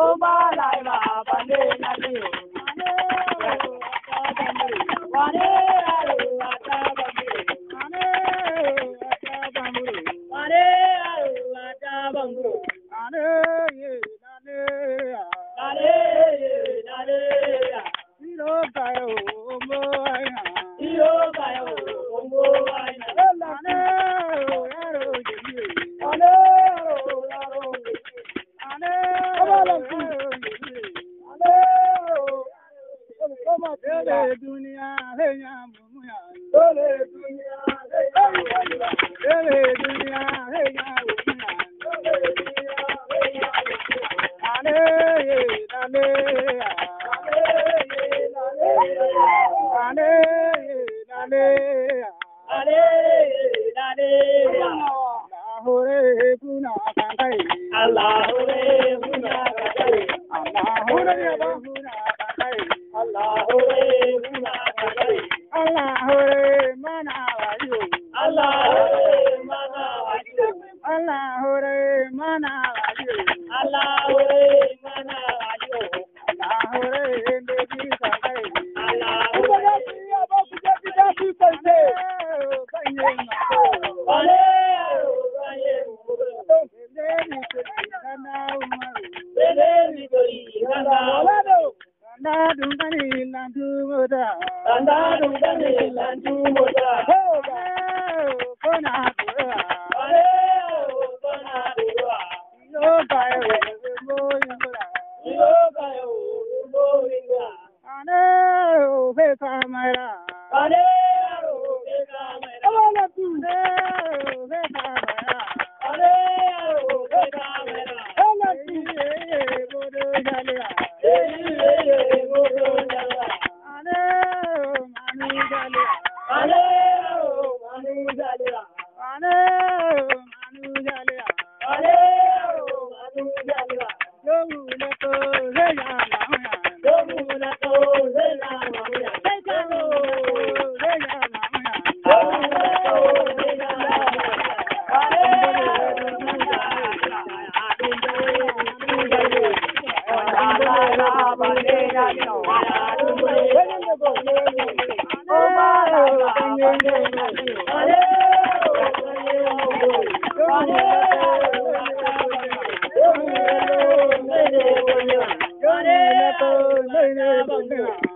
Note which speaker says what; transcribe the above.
Speaker 1: Oh, bye. mọ̀ sí ìyá. Lélẹ̀ dunia lẹ́yìn àmúmúyà. Lélẹ̀ dunia lẹ́yìn àmúmúyà. Lélẹ̀ dunia lẹ́yìn àmúmúyà. Lélẹ̀ Allah lẹ́yìn àmúmúyà. Àlẹ́ Allah lálẹ́ yá. Àlẹ́ Allah lálẹ́ yá. Àlẹ́ hore mana wayo Allah hore mana wayo Allah hore mana wayo Allah hore mana wayo Allah hore meji sakai Allah hore ya ba ku je bi da su kai se kanye ma wale kanye mo ne ni ko kana umaru ne ni ko kana wale kana dungani landu moda Hey, you. Amen.